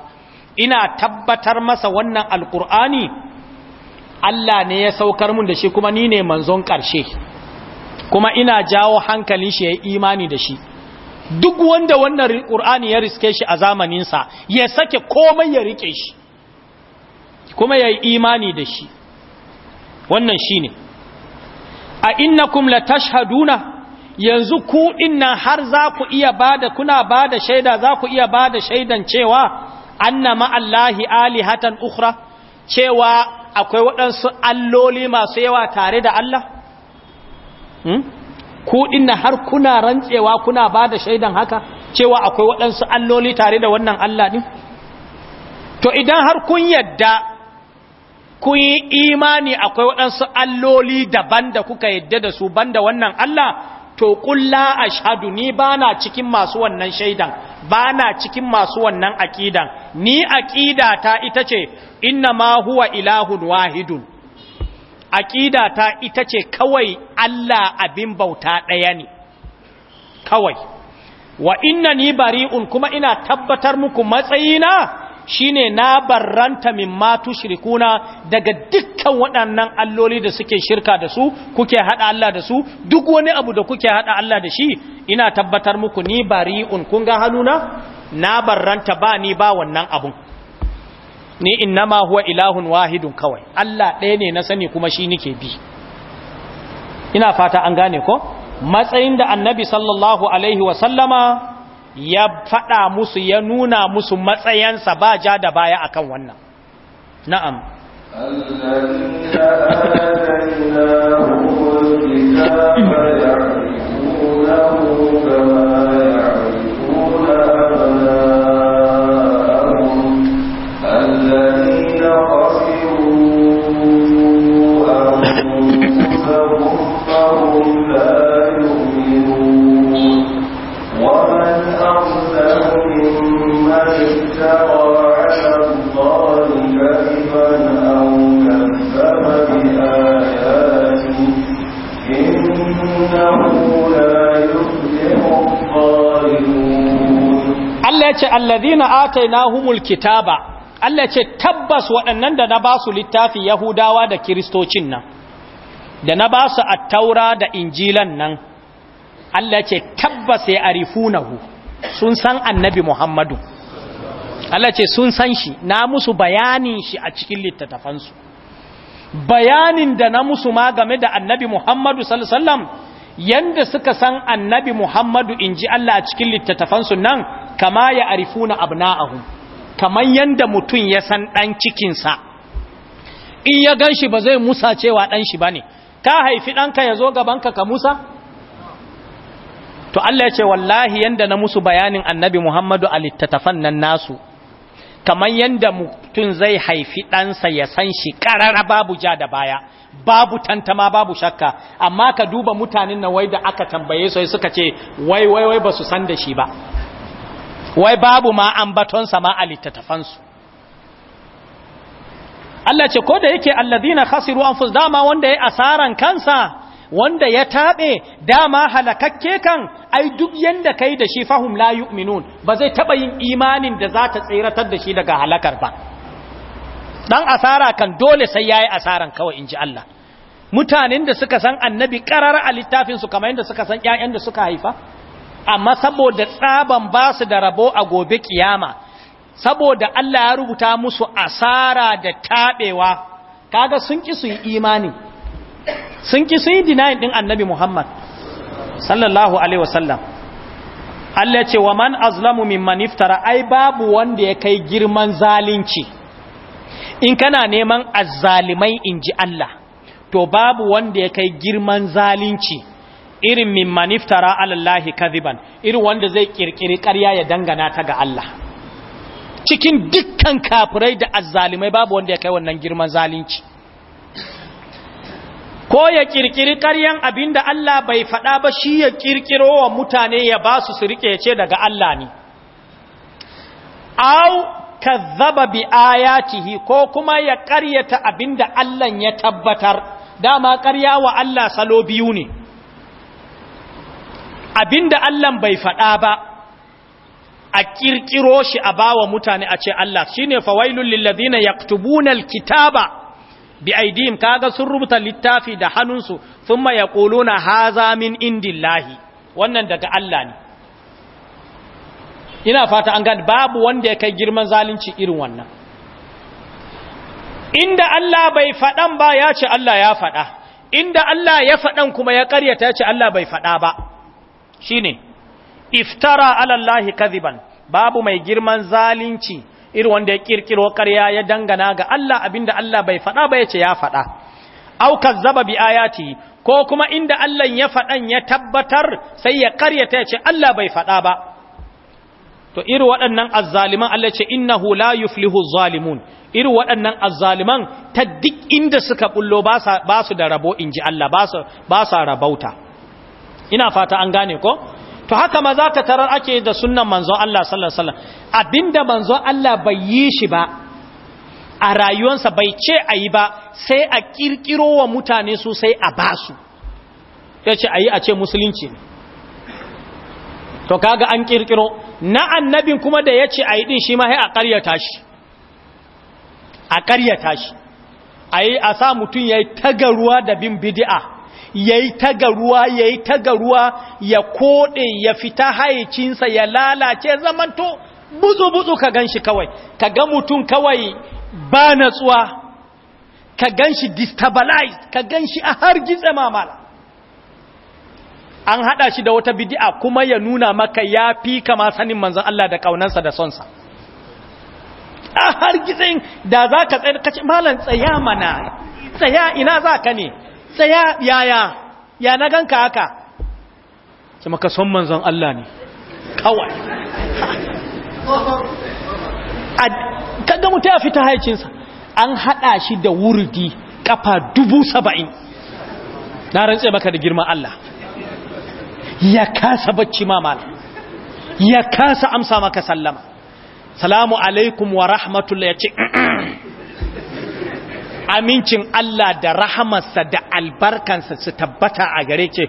ina tabbatar masa wannan alkur'ani Allah ne ya saukar mun da shi kuma ni ne manzon ƙarshe kuma ina jawo hankalin shi ya yi imani da shi duk wanda wannan ƙur'ani ya riske shi a zamaninsa ya sake komai ya rike shi kuma ya yi imani da shi wannan shi ne a inna la tashhaduna yanzu ku innan har za ku iya bada kuna bada shaida za ku iya bada shaidan cewa annama allahi alihatan ukhra cewa akwai waɗansu alloli masu yawa tare da Allah? Hmm? Ku na har kuna rantsewa kuna ba da shaidan haka cewa akwai waɗansu alloli tare da wannan Allah ɗin? To idan har kun yadda kun yi imani akwai waɗansu alloli daban da kuka yadda da su banda wannan Allah to kulla ashhadu ni ba na cikin masu wannan shaidan ba na cikin masu wannan aƙidan ni aƙidata ita ce inna ma huwa ilahun wahidun aƙidata ita ce kawai Allah abin bauta ɗaya ne kawai wa inna ni bari'un kuma ina tabbatar muku matsayina shine na barranta min ma tushrikuna daga dukkan waɗannan alloli da suke shirka da su kuke hada Allah da su duk wani abu da kuke hada Allah da shi ina tabbatar muku ni bari'un kun ga hannuna na barranta ba ni ba wannan abun ni innama huwa ilahun wahidun kawai Allah ɗaya ne na sani kuma shi nike bi ina fata an gane ko matsayin da annabi sallallahu alaihi wa sallama. ya faɗa musu ya nuna musu matsayansa ba ja da baya akan wannan na'am Allah Allah ce allazina atainahumul kitaba Allah ce tabbas waɗannan da na ba su littafi Yahudawa da Kiristocin nan da na ba su attaura da injilan nan Allah ce tabbas ya arifunahu sun san annabi Muhammadu Allah ce sun san shi na musu bayanin shi a cikin su bayanin da na musu ma game da annabi Muhammadu sallallahu alaihi wasallam yanda suka san annabi Muhammadu inji Allah a cikin littattafansu nan kama ya arifuna ahu kaman yadda mutum ya san dan cikinsa in ya ganshi ba zai musa cewa dan shi bane ka haifi ya zo gabanka ka musa to Allah ya ce wallahi yanda na musu bayanin annabi Muhammadu a littattafan nan nasu kaman yadda mutum zai haifi ɗansa ya san shi ƙarara babu ja da baya babu tantama babu shakka amma ka duba mutanen nan wai da aka tambaye su suka ce wai wai wai ba su san da shi ba wai babu ma ambatonsa ma a littattafansu Allah ce ko da yake alladhina khasiru anfus dama wanda ya asaran kansa wanda ya tabe dama halakakke kan ai duk yanda kai da shi fahum la yu'minun ba zai taba yin imanin da za ta tsiratar da shi daga halakar ba dan asara kan dole sai yayi asaran kawai inji Allah mutanen da suka san annabi qarar a littafin su kamar yanda suka san ƴaƴan da suka haifa amma saboda tsaban ba su da rabo a gobe kiyama saboda Allah ya rubuta musu asara da tabewa. kaga sun ki su yi imani sun ki su yi dinayin din annabi Muhammad sallallahu alaihi wasallam Allah ce wa man azlamu mimman iftara ai babu wanda ya kai girman zalunci in kana neman azzalimai inji Allah to babu wanda ya kai girman zalunci irin min maniftara alallahi kaziban irin wanda zai kirkiri karya ya dangana ta ga Allah cikin dukkan kafirai da azzalimai babu wanda ya kai wannan girman zalunci ko ya kirkiri ƙaryan abinda Allah bai faɗa ba shi ya kirkiro wa mutane ya ba su su rike ce daga Allah ne au kazzaba bi ayatihi ko kuma ya ƙaryata da Allah ya tabbatar dama ƙarya wa Allah salo biyu ne abinda Allah bai faɗa ba a kirkiro shi a bawa mutane a ce Allah shine fawailul lillazina yaktubuna alkitaba bi aidihim kaga sun rubuta littafi da hannunsu thumma yaquluna haza min indillahi wannan daga Allah ne ina fata an gani babu wanda ya kai girman zalunci irin wannan inda Allah bai faɗan ba ya ce Allah ya faɗa inda Allah ya faɗan kuma ya ƙaryata ya ce Allah bai faɗa ba shine iftara alallahi kadhiban babu mai girman zalunci irin wanda ya kirkiro ƙarya ya dangana ga Allah abinda Allah bai faɗa ba yace ya faɗa au kazzaba bi ayati ko kuma inda Allah ya faɗan ya tabbatar sai ya ƙaryata yace Allah bai faɗa ba to irin waɗannan azzaliman Allah ce innahu la yuflihu zalimun irin waɗannan azzaliman ta duk inda suka bullo ba su da rabo inji Allah ba su rabauta ina fata an gane ko to haka ma za ka tarar ake da sunnan manzon Allah sallallahu alaihi wasallam abinda manzon Allah bai yi shi ba a rayuwarsa bai ce ayi ba sai a kirkiro wa mutane su sai a basu yace ayi a ce musulunci ne to kaga an kirkiro na annabin kuma da yace ayi din shi ma sai a ƙaryata shi a ƙaryata shi ayi a sa mutun yayi tagaruwa da bin bid'a yayi tagaruwa yayi tagaruwa ya kode ya fita hayicinsa ya lalace zamanto buzu buzu ka ganshi kawai ka ga mutum kawai ba natsuwa ka ganshi destabilized ka ganshi a hargitse mamala an hada shi da wata bidi'a kuma ya nuna maka ya fi kama sanin manzon Allah da kaunansa da sonsa a hargitsin da za ka tsaye kace malam tsaya mana tsaya ina za ka ne tsaya yaya ya na ganka haka ce maka son manzon Allah ne kawai kaga ta ya ta haicinsa an haɗa shi da wurdi kafa dubu saba'in na rantse maka da girman Allah ya kasa bacci mamala ya kasa amsa maka sallama salamu alaikum wa rahmatullahi ya ce amincin Allah da rahamarsa da albarkansa su tabbata a gare ce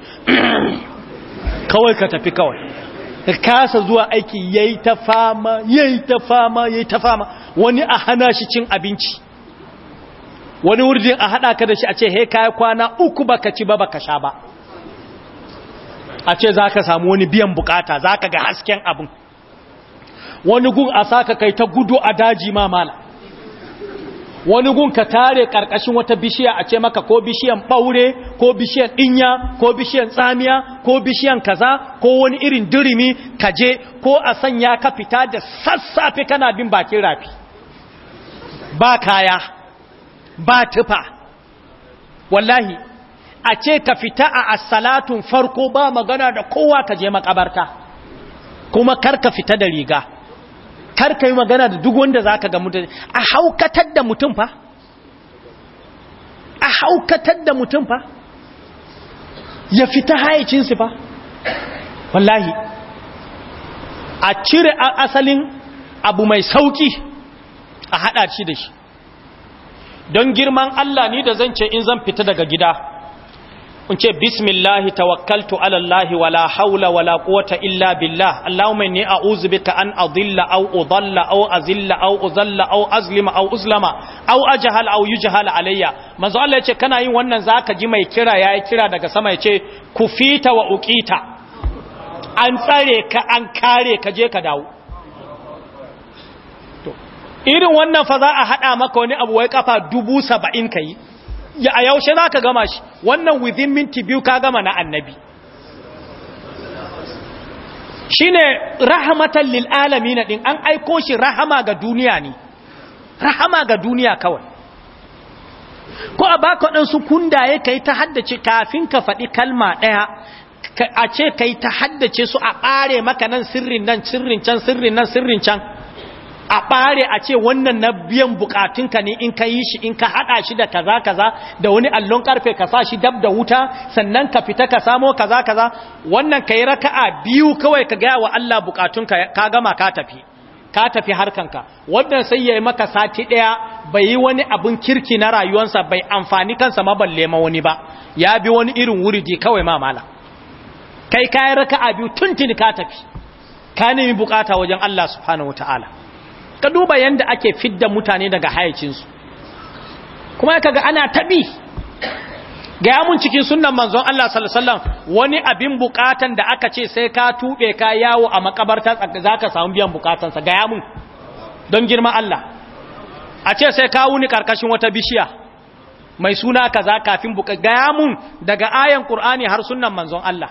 kawai ka tafi kawai kasa zuwa aiki yayi ta fama yayi ta fama yayi ta fama wani a hana shi cin abinci wani wurjin a hada ka da shi a ce he kai kwana uku baka ci ba baka sha ba a ce zaka samu wani biyan bukata zaka ga hasken abin wani gun a saka kai ta gudu a daji ma mala wani gun ka tare ƙarƙashin wata bishiya a ce maka ko bishiyan ɓaure ko bishiyan ɗinya ko bishiyan tsamiya ko bishiyan kaza ko wani irin dirimi je ko a sanya ka fita da sassafe kana bin bakin rafi ba kaya ba tufa wallahi a ce ka fita a asalatun farko ba magana da kowa ka je makabarta kuma kar ka fita da riga kar ka yi magana da duk wanda za ka ga mutane a haukatar da mutum fa a haukatar da mutum fa ya fita hayacinsu fa wallahi a cire asalin abu mai sauki a haɗa shi da shi don girman Allah ni da zan ce in zan fita daga gida Unce ce bismillahi tawakkaltu ala wala haula wala quwwata illa billah allahumma inni a'udhu bika an adilla aw udalla aw azilla aw uzalla aw azlima aw uslama aw ajhal aw yujhal alayya manzo Allah yace kana yin wannan zaka ji mai kira yayi kira daga sama yace kufita wa uqita an tsare ka an kare ka je ka dawo irin wannan fa za a hada maka wani abu wai kafa 70 kai a yaushe za ka gama shi wannan within minti biyu ka gama na annabi shi ne rahamatan lil'alami na ɗin an aiko shi rahama ga duniya ne rahama ga duniya kawai ko a baka waɗansu kundaye ka yi ta haddace kafin ka faɗi kalma ɗaya a ce ka yi ta haddace su a ɓare maka nan sirrin nan sirrin can sirrin nan sirrin can a ɓare a ce wannan na biyan bukatunka ne in ka yi shi in ka haɗa shi da kaza kaza da wani allon karfe ka sa shi dab da wuta sannan ka fita ka samo kaza kaza wannan ka yi raka'a biyu kawai ka gaya wa Allah bukatunka ka gama ka tafi ka tafi harkanka wannan sai ya yi maka sati ɗaya bai yi wani abin kirki na rayuwarsa bai amfani kansa maballe ma wani ba ya bi wani irin wuriji kawai ma mala kai kayan yi raka'a biyu tuntuni ka tafi ka nemi bukata wajen Allah subhanahu wataala ka duba yadda ake fidda mutane daga hayacinsu kuma ka ga ana taɓi ga yamun cikin sunan manzon Allah sallallahu wani abin bukatan da aka ce sai ka tuɓe ka yawo a makabarta za ka samu biyan bukatansa ga yamun don girma Allah a ce sai ka wuni karkashin wata bishiya mai suna kaza kafin buka ga yamun daga ayan Kur'ani har sunan manzon Allah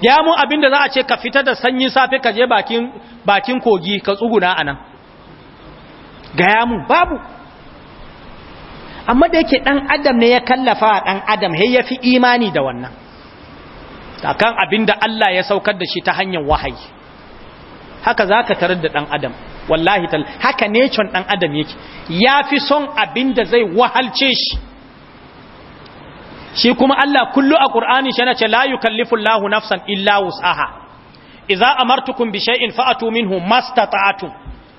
ya mu abinda za a ce ka fita da sanyin safe ka je bakin kogi ka tsuguna a anan gaya mu babu amma da yake dan adam ne ya kallafa dan adam he fi imani da wannan akan abinda Allah ya saukar da shi ta hanyar wahayi haka zaka tarar da dan adam wallahi tal haka nation dan adam yake Ya fi son abinda zai wahalce shi shi kuma Allah kullu a Qur'ani shi yana ce la yukallifu Allahu nafsan illa wus'aha idza amartukum bi shay'in fa'atu minhu mastata'tum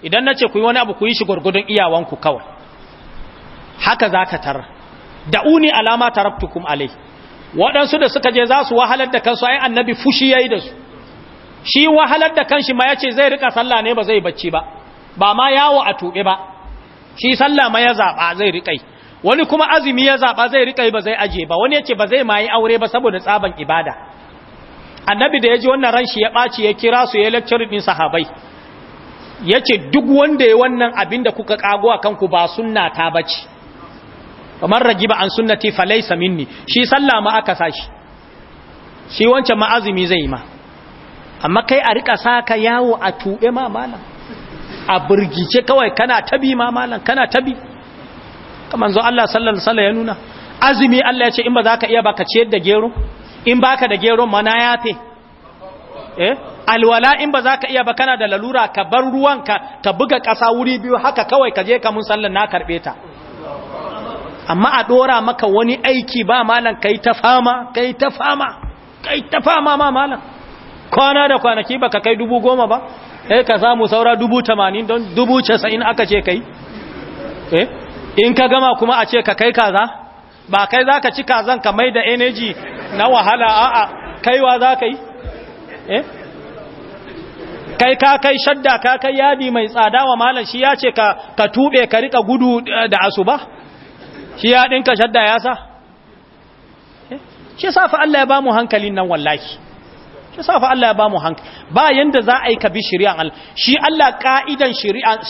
idan nace ku yi wani abu ku yi shi gurgudun iyawanku kawai haka zaka tar da'uni alama taraktukum alai waɗansu da suka je za su wahalar da kansu ai annabi fushi yayi da su shi wahalar da kanshi ma yace zai rika sallah ne ba zai bacci ba ba ma yawo a tube ba shi sallah ma ya zaba zai rikai wani kuma azumi ya zaɓa zai riƙa yi ba zai aje ba wani yace ba zai mayi aure ba saboda tsaban ibada annabi da ya ji wannan ranshi ya ɓaci ya kira su ya lecture ɗin sahabai ya ce duk wanda ya wannan abin da kuka ƙago a kanku ba sunna ta bace kamar ragi ba an sunnati falaisa minni shi sallah aka sashi shi wancan ma azumi zai ma amma kai a riƙa saka yawo a tuɓe ma malam a burgice kawai kana tabi ma malam kana tabi kamar zo Allah sallallahu alaihi ya nuna azumi Allah ya ce in ba za ka iya baka ciyar da gero in baka da gero mana yafe eh alwala in ba za ka iya ba kana da lalura ka bar ruwanka ka buga kasa wuri biyu haka kawai ka je ka mun sallan na karɓe ta amma a ɗora maka wani aiki ba malam kai ta fama kai ta fama kai ta fama ma malam kwana da kwanaki ba ka kai dubu goma ba eh ka samu saura dubu tamanin don dubu casa'in aka ce kai eh in ka gama kuma a ce ka kai kaza ba kai za ka ci kazan ka mai da energy na wahala a'a kaiwa za ka yi eh? kai ka kai shadda ka kai yadi mai tsada wa malam shi ya ce ka ka tube ka rika gudu eh, da asuba shi ya ɗinka shadda ya sa eh? shi sa fa Allah ya ba mu hankalin nan wallahi yasa fa Allah ya ba mu hankali ba yanda za a yi ka bi shari'a Allah shi Allah ka'idan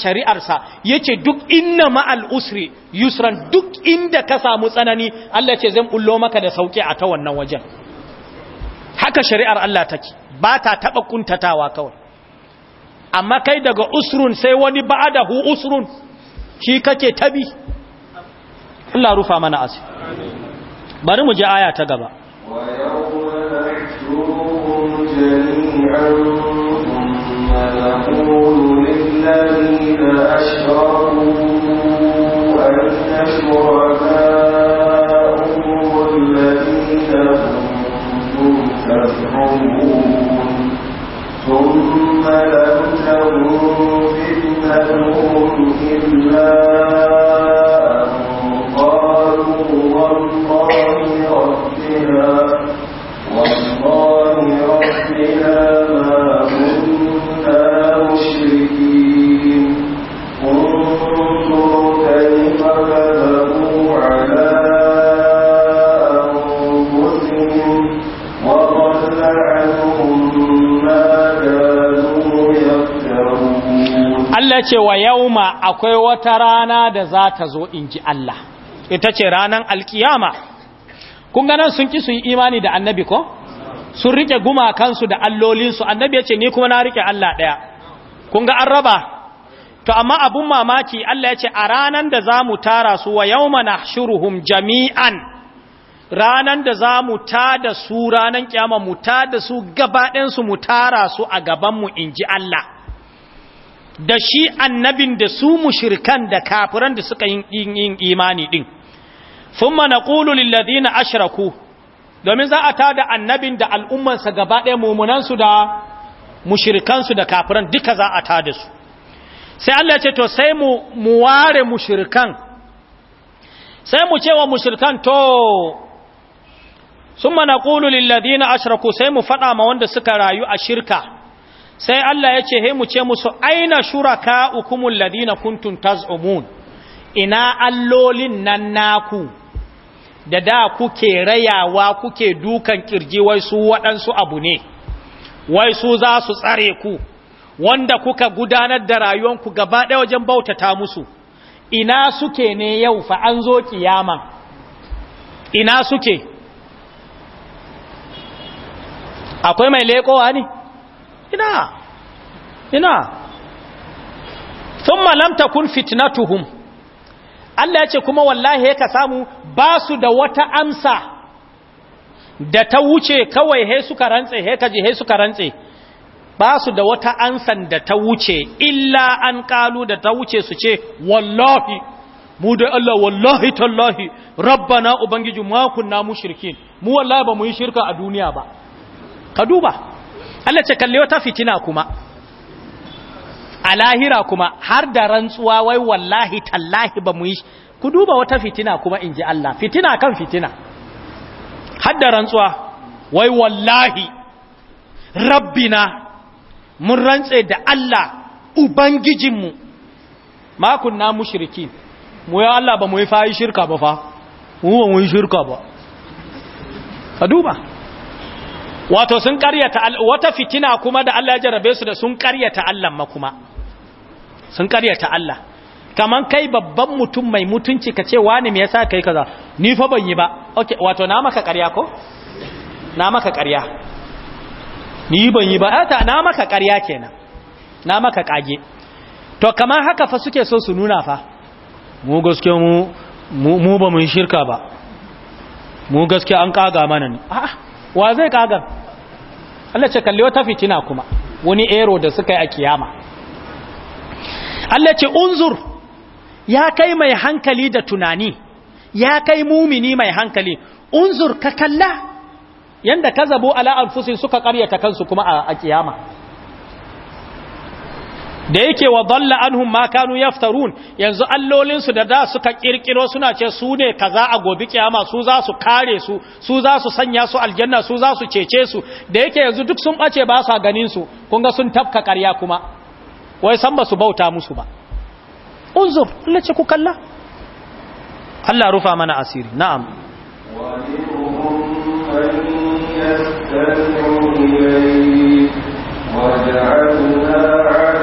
shari'ar sa yace duk inna ma'al usri yusran duk inda ka samu tsanani Allah ce zan bullo maka da sauki a ta wannan wajen haka shari'ar Allah take ba ta taba kuntatawa kawai amma kai daga usrun sai wani ba'adahu usrun shi kake tabi Allah rufa mana asiri bari mu je aya ta gaba ثم نقول للذين أشركوا الذين كنتم ثم لم تكن فتنة إلا Ita ce wa yauma akwai wata rana da za ta zo in ji Allah ita ce ranar alkiyama kun ganin sun ki su imani da annabi ko sun rike gumakansu da allolinsu annabi ya ce ni kuma na rike Allah ɗaya kun ga an raba to amma abun mamaki Allah ya ce a ranan da za mu tara su wa yauma na shuruhun jami'an ranan da za mu ta da su ranan kyama mu ta da su gabaɗinsu mu tara su a gabanmu in ji Allah da shi annabin da su mushirkan da kafiran da suka yin imani din Sun mana lil ladina ashraku domin za a tada annabin da al'ummansa gaba ɗaya mumunan su da mushirkan su da kafiran duka za a tada su sai Allah ya ce to sai mu muware mushirkan. sai mu wa mushirkan to summa naqulu lil ladina ashraku sai mu fada ma wanda suka rayu a shirka sai Allah ya ce mu ce musu aina shuraka ukumul ladina kuntun taz'umun ina allolin nan naku da da kuke rayawa kuke dukan kirji wai su waɗansu abu ne wai su za su tsare ku wanda kuka gudanar da rayuwanku gaba ɗaya wajen bautata musu ina suke ne yau fa an zo ƙiyama? ina suke akwai mai lekowa ne ina ina thumma lam takun fitnatuhum Allah ya ce kuma wallahi ka samu ba su da wata amsa da ta wuce kawai he suka rantse he kaji he suka rantse ba su da wata ansan da ta wuce illa an kalu da ta wuce su ce wallahi mu dai Allah wallahi tallahi rabbana ubangiji ma kunna mushrikin mu wallahi ba mu yi shirka a duniya ba ka duba Allah ce kalle wata fitina kuma a lahira kuma har da rantsuwa wai wallahi tallahi ba mu yi ku duba wata fitina kuma in ji Allah fitina kan fitina har da rantsuwa wai wallahi rabbina mun rantse da Allah ubangijinmu makon na mushiriki mu ya Allah ba mu yi fayi shirka ba fa mu ba mu yi shirka ba ka duba wato sun karyata wata fitina kuma da Allah ya jarabe su da sun karyata Allah ma kuma sun karyata Allah kaman kai babban mutum mai mutunci ka ce wani me yasa kai kaza ni fa ban yi ba okay wato na maka ƙarya ko na maka ƙarya ni ban yi ba ata na maka ƙarya kenan na maka kage to kaman haka fa suke so su nuna fa mu gaske mu mu ba mun shirka ba mu gaske an kaga mana ne wa zai kagar Allah ce kalli wata fitina kuma wani ero da suka yi a kiyama Allah ce unzur ya kai mai hankali da tunani ya kai mumini mai hankali unzur ka kalla yanda ka zabo ala anfusin suka karyata kansu kuma a kiyama da yake wa dalla anhum ma kanu yaftarun yanzu allolin su da da suka kirkiro suna ce su ne kaza a gobe kiyama su za su kare su su za su sanya su aljanna su za su cece su da yake yanzu duk sun bace ba sa ganin su kun ga sun tafka ƙarya kuma wai san ba su bauta musu ba unzur Allah ce ku kalla Allah rufa mana asiri na'am وجعلنا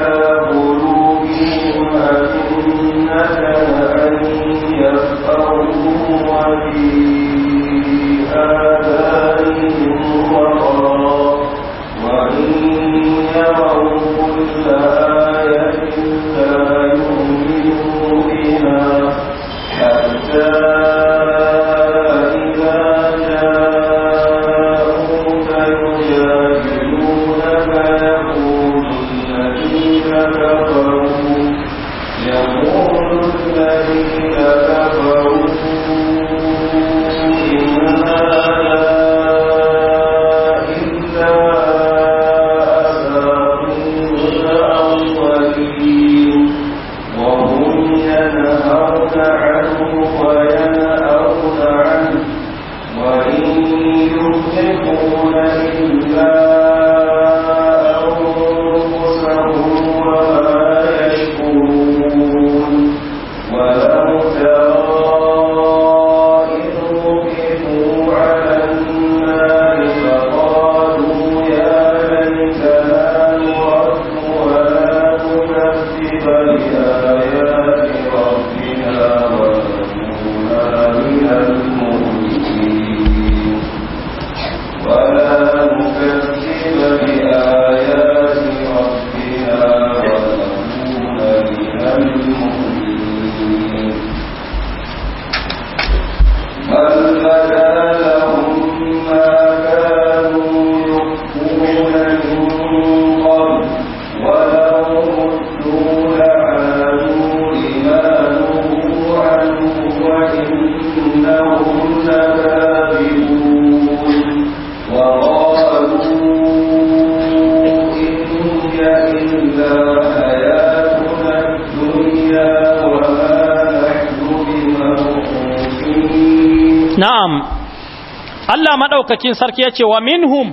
maɗaukakin sarki ya ce wa minhum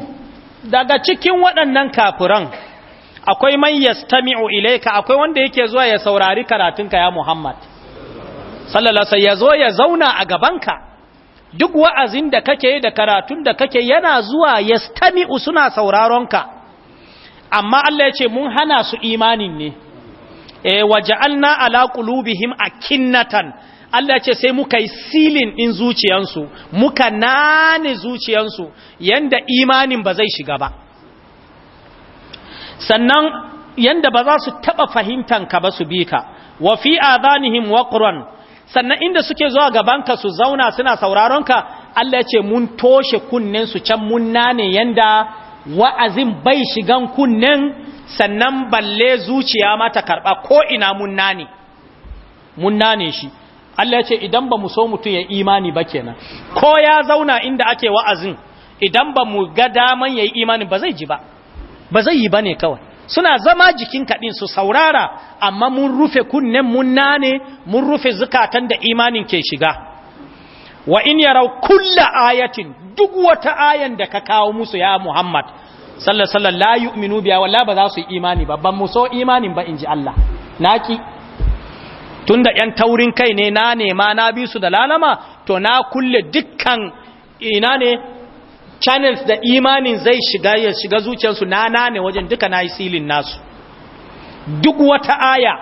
daga cikin waɗannan kafiran akwai man yastami'u ilaika akwai wanda yake zuwa ya saurari karatunka ya Muhammad sallallahu alaihi ya zo ya zauna a gabanka duk wa'azin da kake yi da karatun da kake yana zuwa yastami'u suna sauraronka amma Allah ya ce mun hana su imanin ne e eh, waja'alna ala qulubihim akinnatan Allah ce sai muka yi silin ɗin zuciyansu muka nane zuciyansu yanda imanin ba zai shiga ba sannan yanda ba za su taɓa fahimtanka ba su bi ka wa fi adanihim waqran sannan inda suke zuwa gabanka su zauna suna sauraronka Allah ce mun toshe kunnen can mun nane yanda wa'azin bai shigan kunnen sannan balle zuciya mata ta karɓa ko ina mun nane mun nane shi Allah ya ce idan ba mu so mutum ya imani ba kenan ko ya zauna inda ake wa'azin idan ba mu ga daman ya yi imani ba zai ji ba ba zai yi ba ne kawai suna zama jikin kaɗin su saurara amma mun rufe kunnen mun nane mun rufe zukatan da imanin ke shiga wa in yarau kulla ayatin duk wata ayan da ka kawo musu ya Muhammad sallallahu alaihi wasallam la yu'minu biha ba za su imani ba ban mu so imanin ba inji Allah naki tunda yan taurin kai ne na nema na bi su da lalama to na kulle dukkan ina ne channels da imanin zai shiga ya shiga zuciyarsu na na ne wajen duka na yi silin nasu duk wata aya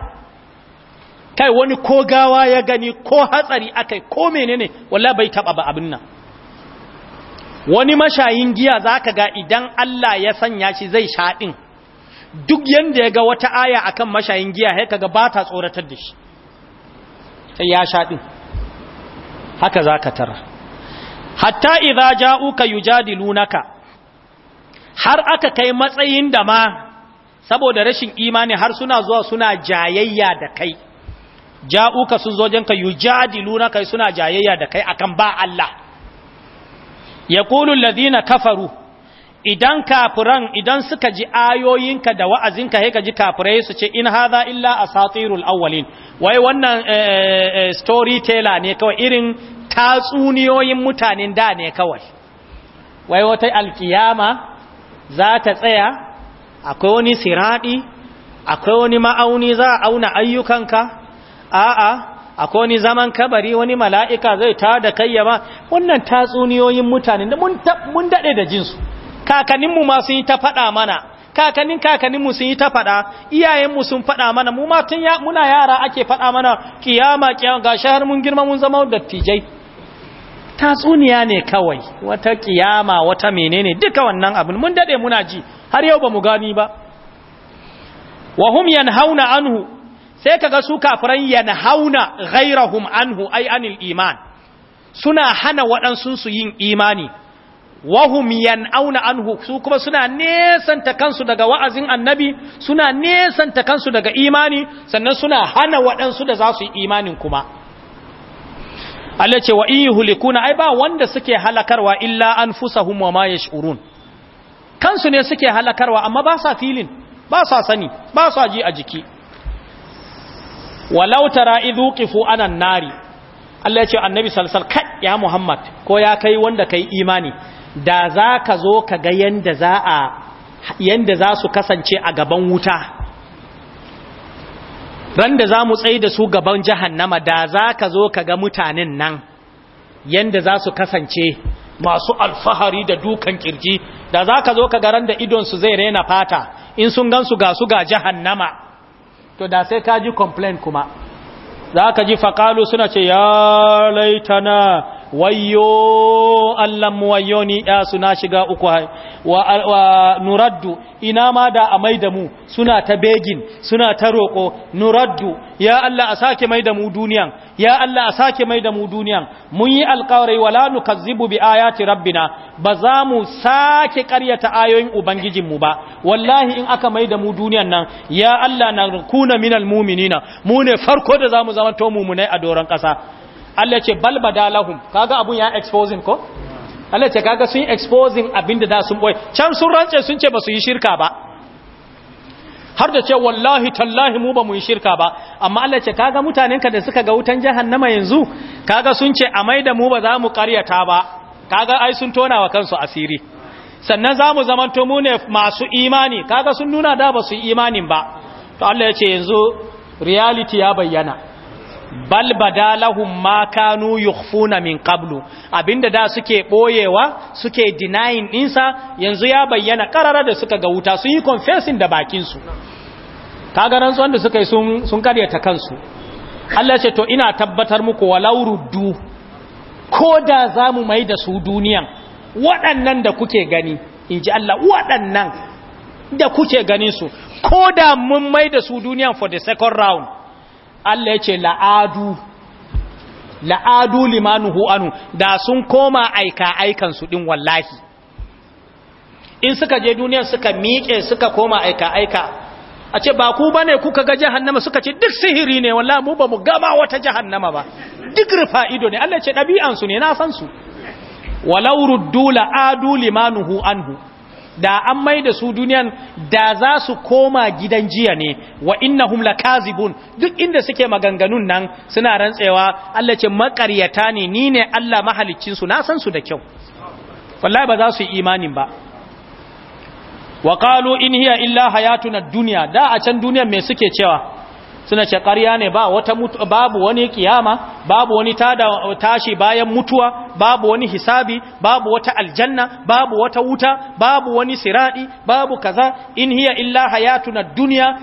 kai wani ko gawa ya gani ko hatsari akai ko menene wallahi bai taba ba abin nan wani mashayin giya zaka ga idan Allah ya sanya shi zai shaɗin? duk yadda ya ga wata aya akan mashayin giya sai kaga ba ta tsoratar da shi ya sha din haka zaka tara hatta idza ja'uka yujadilunaka har aka kai matsayin da ma saboda rashin imani har suna zuwa suna jayayya da kai ja'uka sun zo jinka suna jayayya da kai akan ba Allah yaqulu alladhina kafaru idan kafuran idan suka ji ayoyinka da wa'azinka sai ka ji kafirai su ce in hadha illa a asatirul awwalin wai wannan story eh, eh, eh, storyteller ne kawai irin tatsuniyoyin mutanen da ne kawai wai wata alkiyama za ta tsaya akwai wani siradi akwai wani ma'auni za a auna ayyukanka a'a akwai wani zaman kabari wani mala'ika zai ta tada kayyama wannan tatsuniyoyin mutanen mun daɗe da jinsu kakanninmu ma sun yi ta faɗa mana kakannin kakanninmu sun yi ta faɗa iyayenmu sun faɗa mana mu ma tun ya, muna yara ake faɗa mana kiyama kiyama ga shahar mun girma mun zama dattijai tatsuniya ne kawai wata kiyama wata menene duka wannan abin mun dade muna ji har yau ba mu gani ba wa hum yanhauna anhu sai kaga su kafiran yanhauna ghairahum anhu ay anil iman suna hana waɗansu su yin imani wahum yan'auna anhu su kuma suna nesanta kansu daga wa'azin annabi suna nesanta kansu daga imani sannan suna hana waɗansu da za su yi imanin kuma Allah ce wa hulikuna ai ba wanda suke halakarwa illa anfusahum wa ma yash'urun kansu ne suke halakarwa amma ba sa filin ba sa sani ba sa ji a jiki walau tara idhu anan nari Allah ya ce annabi sallallahu alaihi wasallam ya Muhammad ko ya kai wanda kai imani da za ka zo ka ga yadda za a za su kasance a gaban wuta ran da za mu tsaye da su gaban jahannama da za ka zo ka ga mutanen nan yadda za su kasance masu alfahari da dukan kirji da za ka zo ka ga ran da idonsu zai rena fata in sun gan su ga su ga jahannama to da sai ka ji complain kuma za ka ji faƙalu suna ce ya laitana wayyo Allah mu ni ya suna shiga uku wa, wa nuraddu ina ma da a maida mu suna ta begin suna ta roko nuraddu ya Allah a sake maida mu duniyan ya Allah a sake maida mu duniyan mun yi alƙawari wala nukazzibu bi ayati rabbina ba za mu sake karyata ayoyin ubangijin mu ba wallahi in aka maida mu duniyan nan ya Allah na kuna minal mu'minina mu ne farko da zamu zama to mumunai a doron ƙasa Allah ce bal badalahum kaga abun ya exposing ko Allah ce kaga sun exposing abinda da sun boye can sun rance sun ce ba su yi shirka ba har da ce wallahi tallahi mu ba mu yi shirka ba amma Allah ce kaga ka da suka ga wutan jahannama yanzu kaga sun ce a maida mu ba za mu karyata ba kaga ai sun tona wa kansu asiri sannan za mu zamanto mu ne masu imani kaga sun nuna da ba su imanin ba to Allah ya ce yanzu reality ya bayyana bal badalahum ma kanu yukhfuna min qablu abinda da suke boyewa suke denying dinsa yanzu ya bayyana karara da suka ga wuta sun yi confessing da bakin su kaga ran wanda suka yi sun sun karyata kansu Allah ya ce to ina tabbatar muku walau ruddu koda zamu mai da su duniyan waɗannan da kuke gani inji Allah waɗannan da kuke ganin su koda mun mai da su duniyan for the second round Allah ya ce la'adu la'adu limanuhu anu da sun koma aika aikansu din wallahi in suka je duniya suka miƙe suka koma aika aika a ce ba ku bane kuka ga jahannama suka ce duk sihiri ne wallahi mu ba mu gama wata jahannama ba duk rufa ido ne Allah ya ce ɗabi'ansu ne na san su walau ruddu la'adu limanuhu anhu da an mai da su duniyan da za su koma gidan jiya ne wa innahum kazibun duk inda suke maganganun nan suna rantsewa Allah ce makaryata ne ni ne Allah mahalicin su na san su da kyau wallahi ba za su yi imanin ba wa qalu in hiya illa hayatuna dunya da a can duniyan me suke cewa suna ce ƙarya ne ba wata babu wani ƙiyama babu wani tashi bayan mutuwa babu wani hisabi babu wata aljanna babu wata wuta babu wani siradi babu kaza in hiya illa hayatuna dunya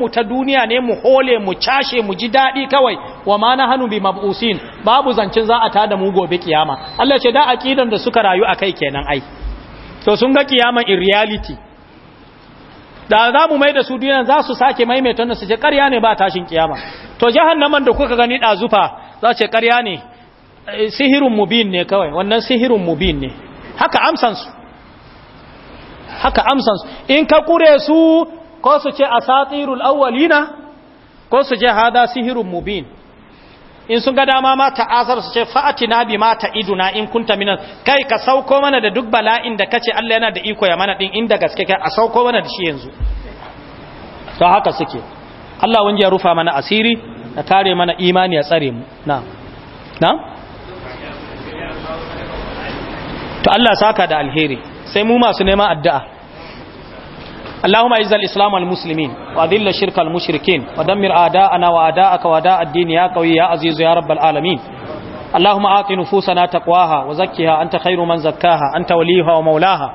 mu ta duniya ne mu hole mu cashe mu ji daɗi kawai wa ma hannu bi mabusin babu zancen za a tada mu gobe ƙiyama Allah ce da aqidan da suka rayu akai kenan ai to sun ga ƙiyaman in reality da za mu mai da su duniya za su sake maimaita na su ce ƙarya ne ba tashin kiyama to jahannaman da kuka gani ɗazufa za ce ƙarya ne sihirin mubin ne kawai wannan sihirin mubin ne haka amsansu haka amsansu in ka kure su ko su ce asatirul awwalina ko su ce hada sihirin mubin in sun ga dama ma ta'asar su ce fa'atina bi ma ta'iduna in kunta minan kai ka sauko mana da duk bala'in da kace Allah yana da iko ya mana din inda gaske kai a sauko mana da shi yanzu to haka suke Allah wanda ya rufa mana asiri da kare mana imani ya tsare mu na na to Allah saka da alheri sai mu masu neman addu'a اللهم اعز الاسلام والمسلمين واذل الشرك المشركين ودمر اعداءنا واعداءك واعداء الدين يا قوي يا عزيز يا رب العالمين اللهم آت نفوسنا تقواها وزكها أنت خير من زكاها أنت وليها ومولاها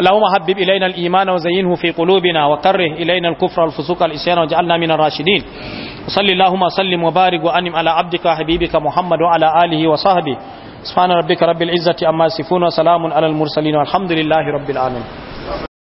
اللهم حبب إلينا الإيمان وزينه في قلوبنا وكره إلينا الكفر والفسوق والعصيان واجعلنا من الراشدين وصل اللهم سلم وبارك وأنم على عبدك وحبيبك محمد وعلى آله وصحبه سبحان ربك رب العزة أما يصفون وسلام على المرسلين والحمد لله رب العالمين